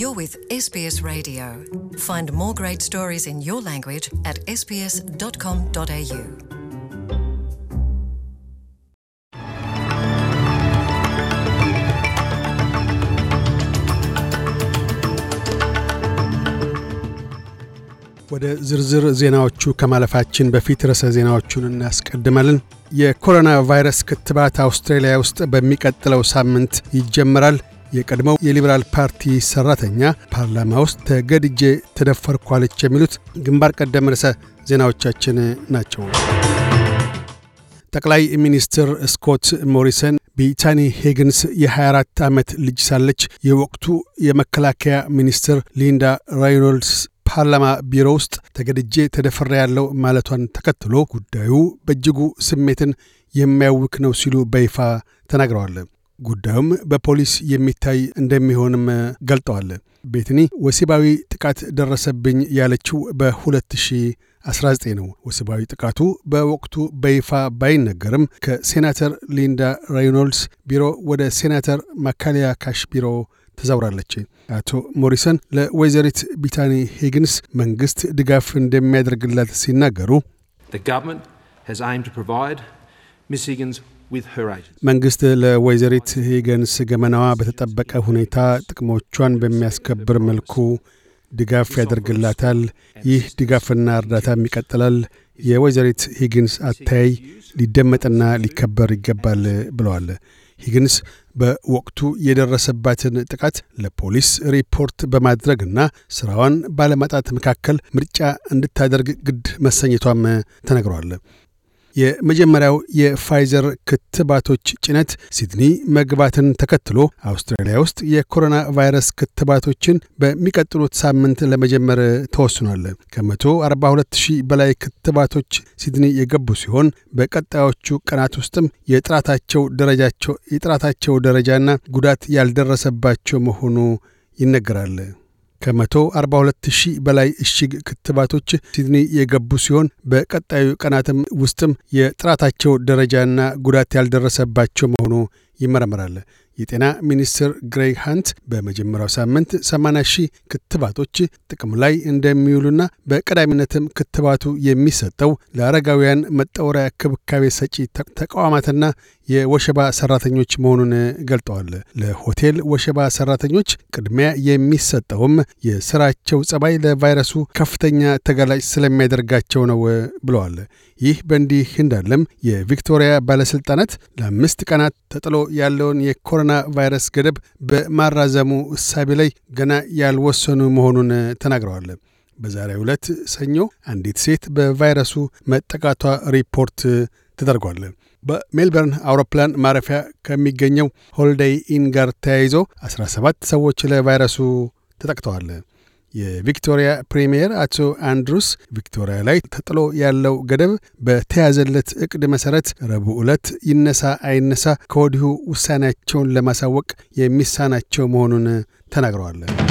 You're with SBS Radio. Find more great stories in your language at sbs.com.au. ወደ ዝርዝር ዜናዎቹ ከማለፋችን በፊት ርዕሰ ዜናዎቹን እናስቀድማለን። የኮሮና ቫይረስ ክትባት አውስትራሊያ ውስጥ በሚቀጥለው ሳምንት ይጀምራል። የቀድሞው የሊበራል ፓርቲ ሰራተኛ ፓርላማ ውስጥ ተገድጄ ተደፈርኳለች የሚሉት ግንባር ቀደም ርዕሰ ዜናዎቻችን ናቸው። ጠቅላይ ሚኒስትር ስኮት ሞሪሰን ቢታኒ ሄግንስ የ24 ዓመት ልጅ ሳለች የወቅቱ የመከላከያ ሚኒስትር ሊንዳ ራይኖልድስ ፓርላማ ቢሮ ውስጥ ተገድጄ ተደፈረ ያለው ማለቷን ተከትሎ ጉዳዩ በእጅጉ ስሜትን የሚያውክ ነው ሲሉ በይፋ ተናግረዋል። ጉዳዩም በፖሊስ የሚታይ እንደሚሆንም ገልጠዋል። ቤትኒ ወሲባዊ ጥቃት ደረሰብኝ ያለችው በ2019 ነው። ወሲባዊ ጥቃቱ በወቅቱ በይፋ ባይነገርም ከሴናተር ሊንዳ ሬይኖልድስ ቢሮ ወደ ሴናተር ማካሊያ ካሽ ቢሮ ተዛውራለች። አቶ ሞሪሰን ለወይዘሪት ቢታኒ ሂግንስ መንግሥት ድጋፍ እንደሚያደርግላት ሲናገሩ መንግስት ለወይዘሪት ሂገንስ ገመናዋ በተጠበቀ ሁኔታ ጥቅሞቿን በሚያስከብር መልኩ ድጋፍ ያደርግላታል። ይህ ድጋፍና እርዳታም ይቀጥላል። የወይዘሪት ሂግንስ አታይ ሊደመጥና ሊከበር ይገባል ብለዋል። ሂግንስ በወቅቱ የደረሰባትን ጥቃት ለፖሊስ ሪፖርት በማድረግና ስራዋን ባለማጣት መካከል ምርጫ እንድታደርግ ግድ መሰኘቷም ተነግሯል። የመጀመሪያው የፋይዘር ክትባቶች ጭነት ሲድኒ መግባትን ተከትሎ አውስትራሊያ ውስጥ የኮሮና ቫይረስ ክትባቶችን በሚቀጥሉት ሳምንት ለመጀመር ተወስኗል። ከ142 ሺህ በላይ ክትባቶች ሲድኒ የገቡ ሲሆን በቀጣዮቹ ቀናት ውስጥም የጥራታቸው ደረጃቸው የጥራታቸው ደረጃና ጉዳት ያልደረሰባቸው መሆኑ ይነገራል። ከ 42 ሺህ በላይ እሽግ ክትባቶች ሲድኒ የገቡ ሲሆን በቀጣዩ ቀናትም ውስጥም የጥራታቸው ደረጃና ጉዳት ያልደረሰባቸው መሆኑ ይመረመራል። የጤና ሚኒስትር ግሬግ ሃንት በመጀመሪያው ሳምንት 80 ሺህ ክትባቶች ጥቅም ላይ እንደሚውሉና በቀዳሚነትም ክትባቱ የሚሰጠው ለአረጋውያን መጠወሪያ ክብካቤ ሰጪ ተቋማትና የወሸባ ሰራተኞች መሆኑን ገልጠዋል። ለሆቴል ወሸባ ሰራተኞች ቅድሚያ የሚሰጠውም የስራቸው ጸባይ ለቫይረሱ ከፍተኛ ተጋላጭ ስለሚያደርጋቸው ነው ብለዋል። ይህ በእንዲህ እንዳለም የቪክቶሪያ ባለሥልጣናት ለአምስት ቀናት ተጥሎ ያለውን የኮሮና የኮሮና ቫይረስ ገደብ በማራዘሙ እሳቤ ላይ ገና ያልወሰኑ መሆኑን ተናግረዋል። በዛሬ ዕለት ሰኞ አንዲት ሴት በቫይረሱ መጠቃቷ ሪፖርት ተደርጓል። በሜልበርን አውሮፕላን ማረፊያ ከሚገኘው ሆልደይ ኢን ጋር ተያይዞ 17 ሰዎች ለቫይረሱ ተጠቅተዋል። የቪክቶሪያ ፕሪምየር አቶ አንድሩስ ቪክቶሪያ ላይ ተጥሎ ያለው ገደብ በተያዘለት እቅድ መሰረት ረቡዕ ዕለት ይነሳ አይነሳ ከወዲሁ ውሳኔያቸውን ለማሳወቅ የሚሳናቸው መሆኑን ተናግረዋለን።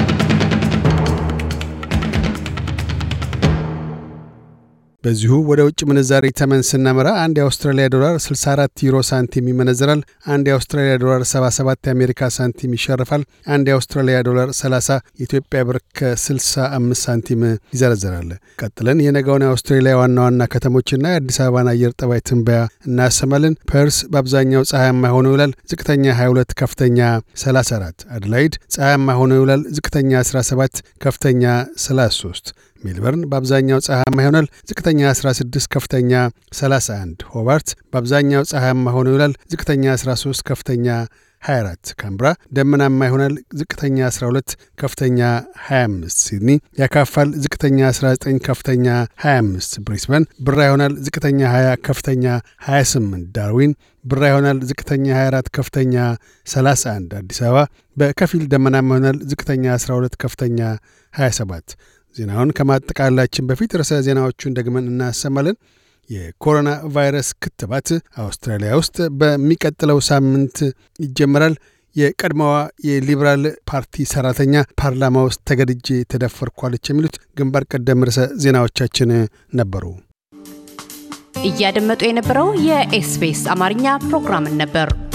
በዚሁ ወደ ውጭ ምንዛሪ ተመን ስናመራ አንድ የአውስትራሊያ ዶላር 64 ዩሮ ሳንቲም ይመነዝራል። አንድ የአውስትራሊያ ዶላር 77 የአሜሪካ ሳንቲም ይሸርፋል። አንድ የአውስትራሊያ ዶላር 30 የኢትዮጵያ ብር ከ65 ሳንቲም ይዘረዘራል። ቀጥለን የነጋውን የአውስትራሊያ ዋና ዋና ከተሞችና የአዲስ አበባን አየር ጠባይ ትንበያ እናሰማለን። ፐርስ በአብዛኛው ፀሐያማ ሆኖ ይውላል። ዝቅተኛ 22፣ ከፍተኛ 34። አድላይድ ፀሐያማ ሆኖ ይውላል። ዝቅተኛ 17፣ ከፍተኛ 33 ሜልበርን በአብዛኛው ፀሐያማ ይሆናል። ዝቅተኛ 16፣ ከፍተኛ 31። ሆባርት በአብዛኛው ፀሐያማ ሆኖ ይውላል። ዝቅተኛ 13፣ ከፍተኛ 24 ካምብራ ደመናማ ይሆናል። ዝቅተኛ 12 ከፍተኛ 25 ሲድኒ ያካፋል። ዝቅተኛ 19 ከፍተኛ 25 ብሪስበን ብራ ይሆናል። ዝቅተኛ 20 ከፍተኛ 28 ዳርዊን ብራ ይሆናል። ዝቅተኛ 24 ከፍተኛ 31 አዲስ አበባ በከፊል ደመናማ ይሆናል። ዝቅተኛ 12 ከፍተኛ 27 ዜናውን ከማጠቃላችን በፊት ርዕሰ ዜናዎቹን ደግመን እናሰማለን። የኮሮና ቫይረስ ክትባት አውስትራሊያ ውስጥ በሚቀጥለው ሳምንት ይጀመራል። የቀድሞዋ የሊበራል ፓርቲ ሰራተኛ ፓርላማ ውስጥ ተገድጄ ተደፈርኳለች። የሚሉት ግንባር ቀደም ርዕሰ ዜናዎቻችን ነበሩ። እያደመጡ የነበረው የኤስቢኤስ አማርኛ ፕሮግራምን ነበር።